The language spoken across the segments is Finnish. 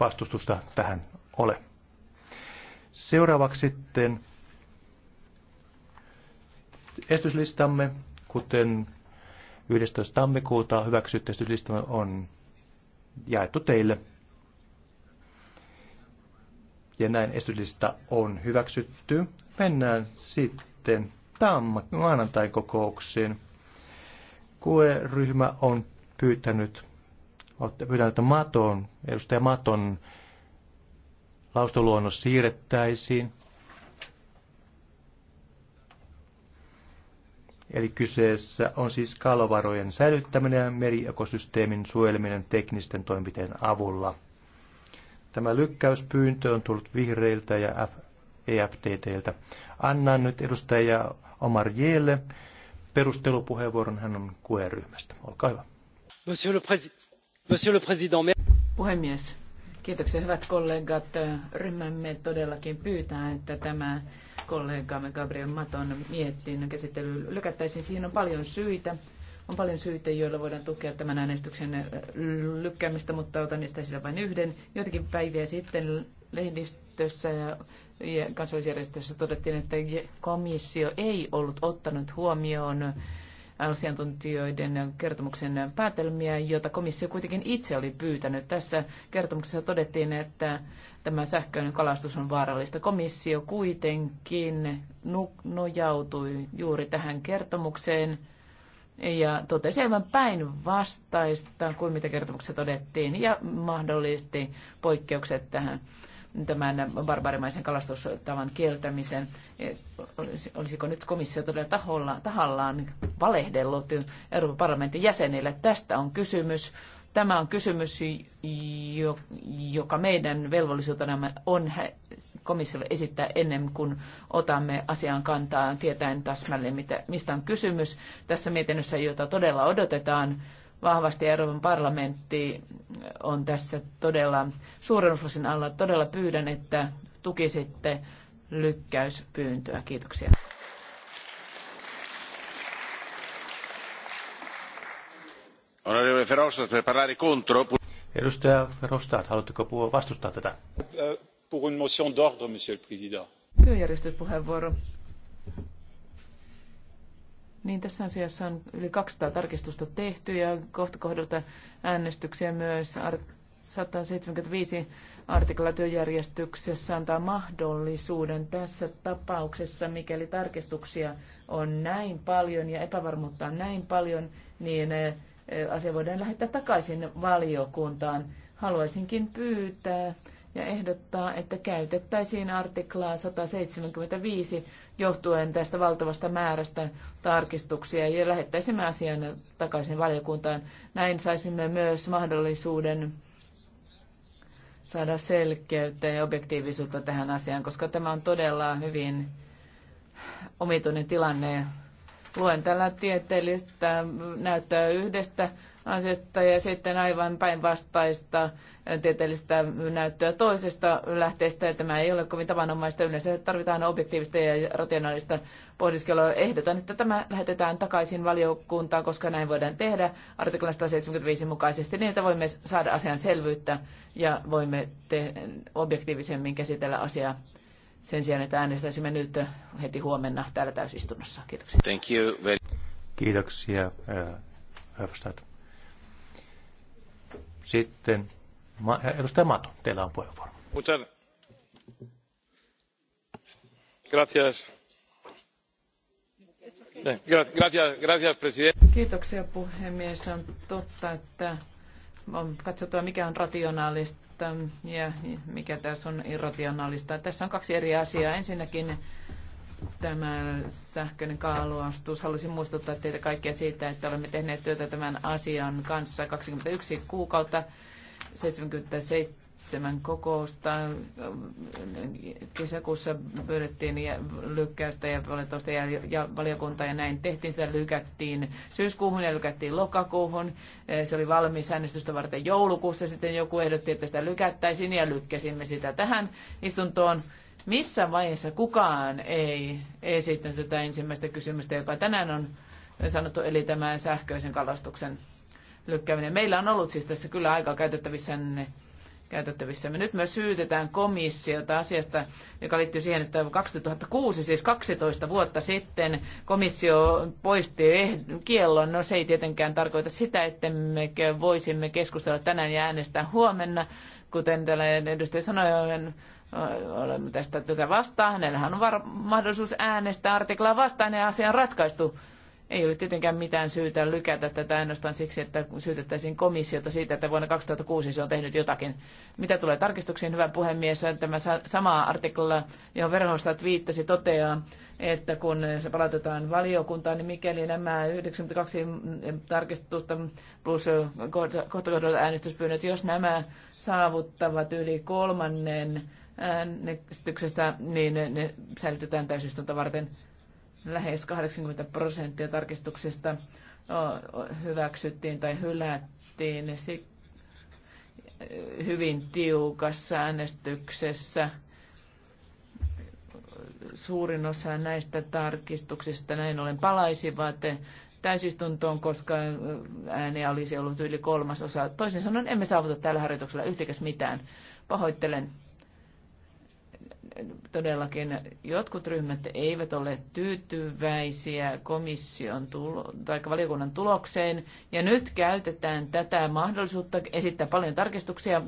vastustusta tähän ole. Seuraavaksi sitten estyslistamme, kuten 11. tammikuuta hyväksytty estyslistamme on jaettu teille. Ja näin estyslista on hyväksytty. Mennään sitten maanantain kokouksiin. QE-ryhmä on pyytänyt pyydän, että Maton, edustaja Maton laustoluonnos siirrettäisiin. Eli kyseessä on siis kalavarojen säilyttäminen ja meriekosysteemin suojeleminen teknisten toimenpiteiden avulla. Tämä lykkäyspyyntö on tullut vihreiltä ja EFTTltä. Annan nyt edustaja Omar Jelle perustelupuheenvuoron, hän on qr e ryhmästä Olkaa hyvä. Monsieur le Président. Monsieur le Président, Puhemies, kiitoksia hyvät kollegat. Ryhmämme todellakin pyytää, että tämä kollegamme Gabriel Maton miettiin käsittely lykättäisiin. Siihen on paljon syitä. On paljon syitä, joilla voidaan tukea tämän äänestyksen lykkäämistä, mutta otan niistä esille vain yhden. Joitakin päiviä sitten lehdistössä ja kansalaisjärjestössä todettiin, että komissio ei ollut ottanut huomioon asiantuntijoiden kertomuksen päätelmiä, joita komissio kuitenkin itse oli pyytänyt. Tässä kertomuksessa todettiin, että tämä sähköinen kalastus on vaarallista. Komissio kuitenkin nojautui juuri tähän kertomukseen ja totesi aivan päinvastaista kuin mitä kertomuksessa todettiin ja mahdollisti poikkeukset tähän tämän barbarimaisen kalastustavan kieltämisen. E, olisiko nyt komissio todella taholla, tahallaan valehdellut Euroopan parlamentin jäsenille? Tästä on kysymys. Tämä on kysymys, joka meidän velvollisuutena on komissiolle esittää ennen kuin otamme asiaan kantaa, tietäen täsmälleen, mistä on kysymys tässä mietinnössä, jota todella odotetaan vahvasti Euroopan parlamentti on tässä todella suurennuslasin alla. Todella pyydän, että tukisitte lykkäyspyyntöä. Kiitoksia. Edustaja Verhofstadt, haluatteko puhua, vastustaa tätä? Euh, pour une motion d'ordre, monsieur le président. Työjärjestyspuheenvuoro. Niin tässä asiassa on yli 200 tarkistusta tehty ja kohta kohdalta äänestyksiä myös. 175 artikla työjärjestyksessä antaa mahdollisuuden tässä tapauksessa, mikäli tarkistuksia on näin paljon ja epävarmuutta on näin paljon, niin eh, asia voidaan lähettää takaisin valiokuntaan. Haluaisinkin pyytää ja ehdottaa, että käytettäisiin artiklaa 175 johtuen tästä valtavasta määrästä tarkistuksia ja lähettäisimme asian takaisin valiokuntaan. Näin saisimme myös mahdollisuuden saada selkeyttä ja objektiivisuutta tähän asiaan, koska tämä on todella hyvin omituinen tilanne. Luen tällä tieteellistä näyttöä yhdestä asetta ja sitten aivan päinvastaista tieteellistä näyttöä toisesta lähteestä. Tämä ei ole kovin tavanomaista. Yleensä tarvitaan objektiivista ja rationaalista pohdiskelua. Ehdotan, että tämä lähetetään takaisin valiokuntaan, koska näin voidaan tehdä artiklan 175 mukaisesti niin, että voimme saada asian selvyyttä ja voimme te- objektiivisemmin käsitellä asiaa sen sijaan, että äänestäisimme nyt heti huomenna täällä täysistunnossa. Kiitoksia. Thank you very- Kiitoksia, sitten edustaja Mato, teillä on puheenvuoro. Muchas gracias. Kiitoksia puhemies. On totta, että on katsotaan mikä on rationaalista ja mikä tässä on irrationaalista. Tässä on kaksi eri asiaa. Ensinnäkin tämä sähköinen kaaluastus. Haluaisin muistuttaa teitä kaikkia siitä, että olemme tehneet työtä tämän asian kanssa 21 kuukautta, 77 kokousta. Kesäkuussa pyydettiin lykkäystä ja valitusta ja, ja valiokunta ja näin tehtiin. Sitä lykättiin syyskuuhun ja lykättiin lokakuuhun. Se oli valmis äänestystä varten joulukuussa. Sitten joku ehdotti, että sitä lykättäisiin ja lykkäsimme sitä tähän istuntoon. Missä vaiheessa kukaan ei esittänyt tätä ensimmäistä kysymystä, joka tänään on sanottu, eli tämä sähköisen kalastuksen lykkääminen. Meillä on ollut siis tässä kyllä aika käytettävissä käytettävissä. Me nyt myös syytetään komissiota asiasta, joka liittyy siihen, että 2006, siis 12 vuotta sitten, komissio poisti kiellon. No se ei tietenkään tarkoita sitä, että me voisimme keskustella tänään ja äänestää huomenna. Kuten täällä edustaja sanoi, olemme tästä tätä vastaan. Hänellähän on var- mahdollisuus äänestää artiklaa vastaan ja asia on ratkaistu. Ei ole tietenkään mitään syytä lykätä tätä ainoastaan siksi, että syytettäisiin komissiota siitä, että vuonna 2006 se on tehnyt jotakin. Mitä tulee tarkistuksiin, hyvä puhemies, tämä sama artikla, johon Verhofstadt viittasi, toteaa, että kun se palautetaan valiokuntaan, niin mikäli nämä 92 tarkistusta plus kohtakohdalla äänestyspyynnöt, jos nämä saavuttavat yli kolmannen äänestyksestä, niin ne, ne säilytetään täysistunta varten. Lähes 80 prosenttia tarkistuksista hyväksyttiin tai hylättiin hyvin tiukassa äänestyksessä. Suurin osa näistä tarkistuksista näin ollen palaisivat täysistuntoon, koska ääniä olisi ollut yli kolmasosa. Toisin sanoen emme saavuta tällä harjoituksella yhtäkäs mitään. Pahoittelen todellakin jotkut ryhmät eivät ole tyytyväisiä komission tulo, tai valiokunnan tulokseen. Ja nyt käytetään tätä mahdollisuutta esittää paljon tarkistuksia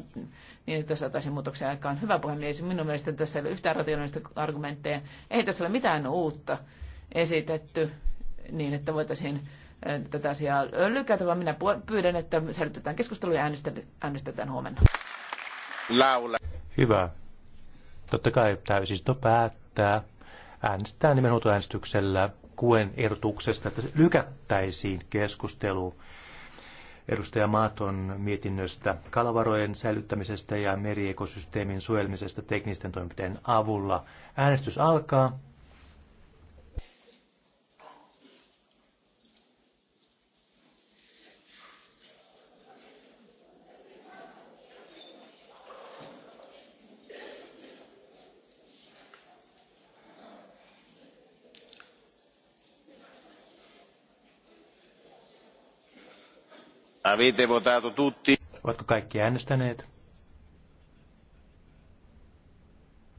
niin, että saataisiin muutoksia aikaan. Hyvä puhemies, minun mielestäni tässä ei ole yhtään rationaalista argumentteja. Ei tässä ole mitään uutta esitetty niin, että voitaisiin tätä asiaa lykätä, vaan minä pyydän, että säilytetään keskustelu ja äänestetään huomenna. Laula. Hyvä. Totta kai täysistunto päättää äänestää nimenhuutoäänestyksellä kuen ehdotuksesta, että lykättäisiin keskustelu edustaja Maaton mietinnöstä kalavarojen säilyttämisestä ja meriekosysteemin suojelmisesta teknisten toimenpiteiden avulla. Äänestys alkaa. Avete votato tutti? Ovatko kaikki äänestäneet?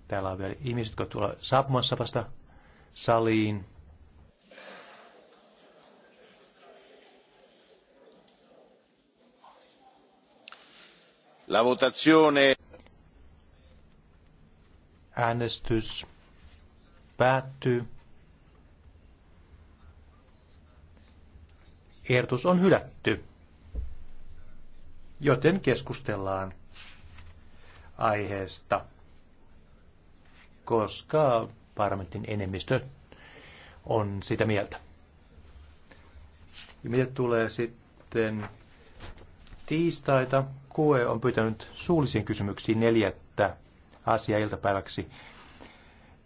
Täällä on vielä ihmiset, jotka tulevat saapumassa vasta saliin. La votazione. Äänestys päättyy. Ehdotus on hylätty joten keskustellaan aiheesta, koska parlamentin enemmistö on sitä mieltä. Ja mitä tulee sitten tiistaita, QE on pyytänyt suullisiin kysymyksiin neljättä asiaa iltapäiväksi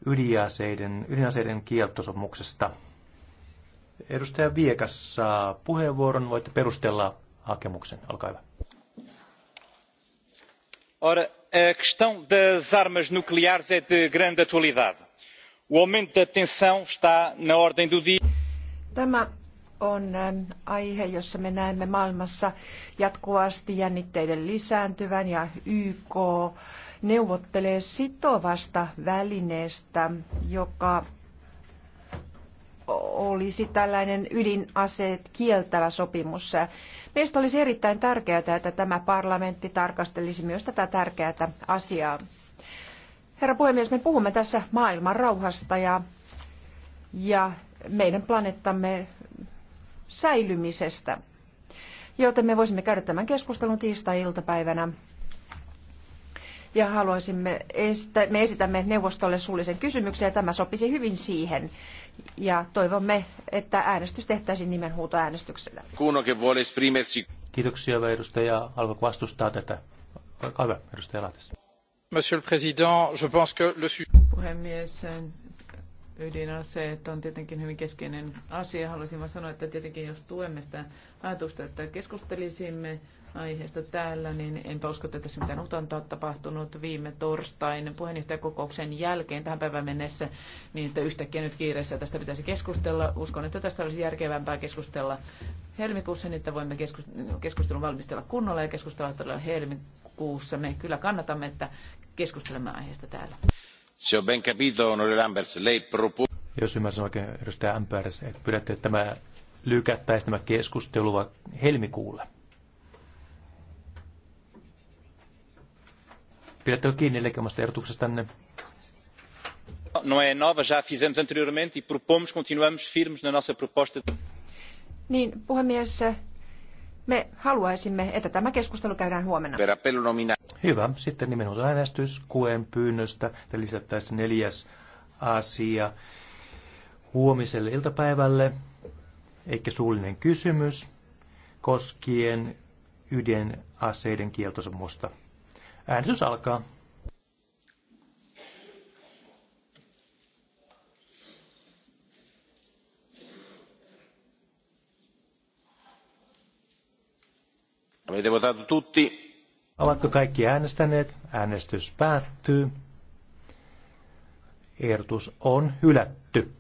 ydinaseiden, ydinaseiden kieltosopimuksesta. Edustaja Viekas saa puheenvuoron. Voitte perustella hakemuksen. Olkaa hyvä ora a questão das armas nucleares é de grande atualidade. o aumento da tensão está na ordem do dia. tämä on ähm, aihe jossa me näemme maailmassa jatkuvasti jännitteiden lisääntyvän ja yk neuvottelee sitovasta välineestä joka olisi tällainen ydinaseet kieltävä sopimus. Meistä olisi erittäin tärkeää, että tämä parlamentti tarkastelisi myös tätä tärkeää asiaa. Herra puhemies, me puhumme tässä maailman rauhasta ja, ja meidän planeettamme säilymisestä, joten me voisimme käydä tämän keskustelun tiistai-iltapäivänä ja haluaisimme, me esitämme neuvostolle suullisen kysymyksen ja tämä sopisi hyvin siihen ja toivomme, että äänestys tehtäisiin nimenhuutoäänestyksellä. Kiitoksia, edustaja alkoi vastustaa tätä. hyvä, edustaja Lahtis. Monsieur le Président, je pense que le Puhemies, ydinaseet on tietenkin hyvin keskeinen asia. Haluaisin vain sanoa, että tietenkin jos tuemme sitä ajatusta, että keskustelisimme aiheesta täällä, niin enpä usko, että tässä mitään utantoa on tapahtunut viime torstain puheenjohtajakokouksen jälkeen tähän päivään mennessä, niin että yhtäkkiä nyt kiireessä tästä pitäisi keskustella. Uskon, että tästä olisi järkevämpää keskustella helmikuussa, niin että voimme keskustelun valmistella kunnolla ja keskustella todella helmikuussa. Me kyllä kannatamme, että keskustelemme aiheesta täällä. Se lei Jos ymmärsin oikein, edustaja Ampers, että pyydätte, että tämä lykättäisi tämä keskustelu helmikuulle. Pidättekö kiinni leikkaamasta ehdotuksestanne? No ei nova, ja fizemos anteriormente e propomos, continuamos firmes na nossa proposta. Niin, puhemies, me haluaisimme, että tämä keskustelu käydään huomenna. Hyvä. Sitten nimenomaan äänestys QEn pyynnöstä. Te lisättäisiin neljäs asia huomiselle iltapäivälle, eikä suullinen kysymys koskien ydinaseiden kieltosomusta. Äänestys alkaa. Avete votato tutti? Ovatko kaikki äänestäneet? Äänestys päättyy. Ehdotus on hylätty,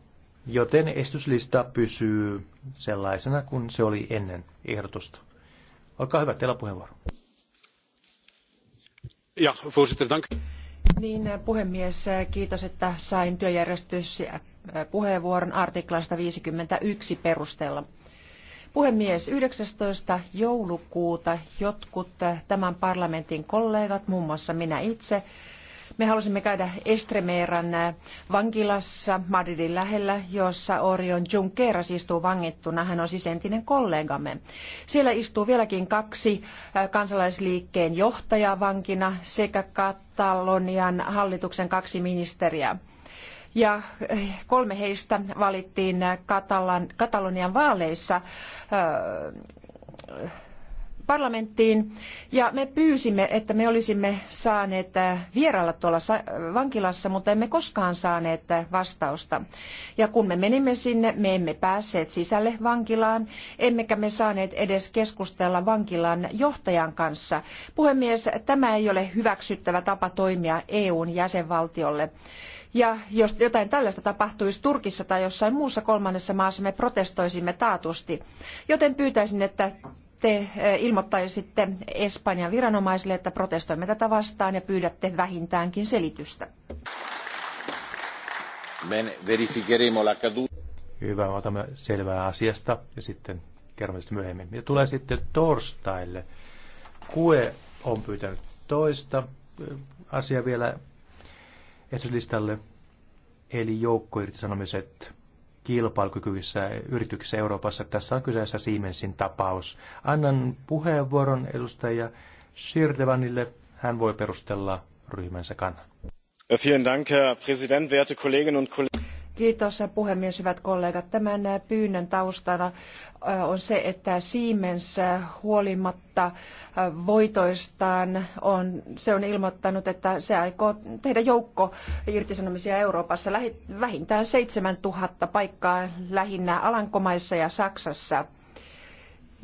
joten estyslista pysyy sellaisena kuin se oli ennen ehdotusta. Olkaa hyvä, teillä puheenvuoro arvoisa niin, puhemies, kiitos, että sain työjärjestys puheenvuoron artiklasta 51 perusteella. Puhemies, 19. joulukuuta jotkut tämän parlamentin kollegat, muun muassa minä itse, me halusimme käydä Estremeeran äh, vankilassa Madridin lähellä, jossa Orion Junqueras istuu vangittuna. Hän on siis entinen kollegamme. Siellä istuu vieläkin kaksi äh, kansalaisliikkeen johtajaa vankina sekä Katalonian hallituksen kaksi ministeriä ja äh, kolme heistä valittiin Katalonian vaaleissa parlamenttiin ja me pyysimme, että me olisimme saaneet äh, vierailla tuolla vankilassa, mutta emme koskaan saaneet äh, vastausta. Ja kun me menimme sinne, me emme päässeet sisälle vankilaan, emmekä me saaneet edes keskustella vankilan johtajan kanssa. Puhemies, tämä ei ole hyväksyttävä tapa toimia EUn jäsenvaltiolle. Ja jos jotain tällaista tapahtuisi Turkissa tai jossain muussa kolmannessa maassa, me protestoisimme taatusti. Joten pyytäisin, että te eh, ilmoittaisitte Espanjan viranomaisille, että protestoimme tätä vastaan ja pyydätte vähintäänkin selitystä? Hyvä, otamme selvää asiasta ja sitten kerromme sitä myöhemmin. Ja tulee sitten torstaille. Kue on pyytänyt toista eh, asiaa vielä esityslistalle, eli joukkoirtisanomiset kilpailukykyisissä yrityksissä Euroopassa. Tässä on kyseessä Siemensin tapaus. Annan puheenvuoron edustaja Sirdevanille. Hän voi perustella ryhmänsä kannan. Vielen Dank, Herr Präsident, werte Kolleginnen und Kollegen. Kiitos puhemies, hyvät kollegat. Tämän pyynnön taustana äh, on se, että Siemens äh, huolimatta äh, voitoistaan on, se on ilmoittanut, että se aikoo tehdä joukko irtisanomisia Euroopassa vähintään 7000 paikkaa lähinnä Alankomaissa ja Saksassa.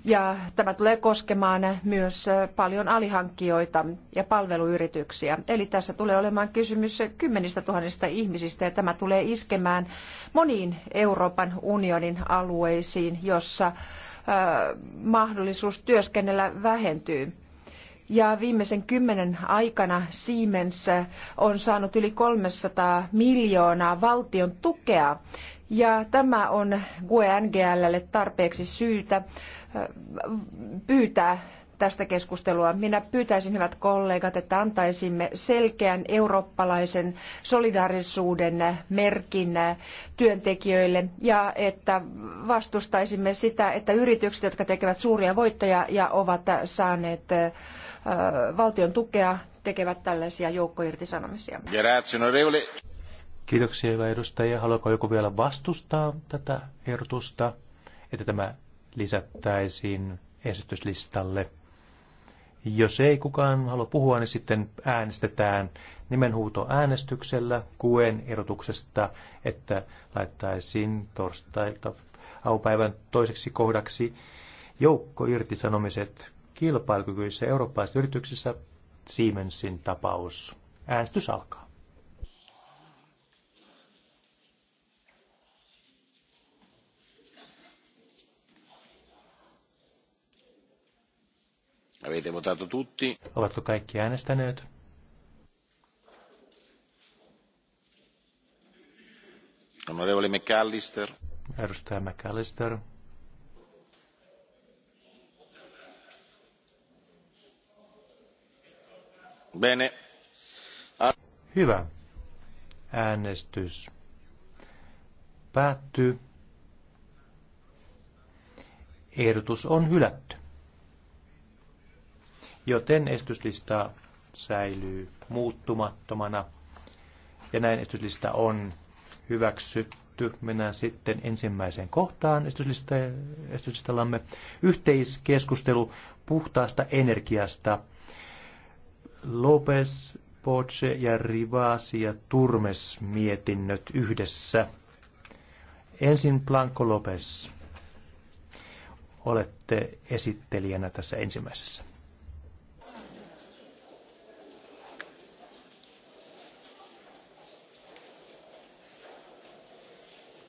Ja tämä tulee koskemaan myös paljon alihankkijoita ja palveluyrityksiä. Eli tässä tulee olemaan kysymys kymmenistä tuhansista ihmisistä ja tämä tulee iskemään moniin Euroopan unionin alueisiin, jossa mahdollisuus työskennellä vähentyy. Ja viimeisen kymmenen aikana Siemens on saanut yli 300 miljoonaa valtion tukea ja tämä on GUE-NGLlle tarpeeksi syytä pyytää tästä keskustelua. Minä pyytäisin, hyvät kollegat, että antaisimme selkeän eurooppalaisen solidaarisuuden merkin työntekijöille ja että vastustaisimme sitä, että yritykset, jotka tekevät suuria voittoja ja ovat saaneet valtion tukea, tekevät tällaisia joukkoirtisanomisia. Kiitoksia, hyvä edustaja. Haluatko joku vielä vastustaa tätä ehdotusta, että tämä lisättäisiin esityslistalle? Jos ei kukaan halua puhua, niin sitten äänestetään nimenhuuto äänestyksellä kuen erotuksesta, että laittaisiin torstailta aupäivän toiseksi kohdaksi joukko irtisanomiset kilpailukykyisissä eurooppalaisissa yrityksissä Siemensin tapaus. Äänestys alkaa. Avete votato tutti? Ovatko kaikki äänestäneet? Onorevole McAllister. Edustaja McAllister. Bene. Hyvä. Äänestys päättyy. Ehdotus on hylätty joten estyslista säilyy muuttumattomana. Ja näin estyslista on hyväksytty. Mennään sitten ensimmäiseen kohtaan estyslistallamme. Yhteiskeskustelu puhtaasta energiasta. Lopes, Poche ja Rivasi ja Turmes mietinnöt yhdessä. Ensin Blanco Lopes. Olette esittelijänä tässä ensimmäisessä.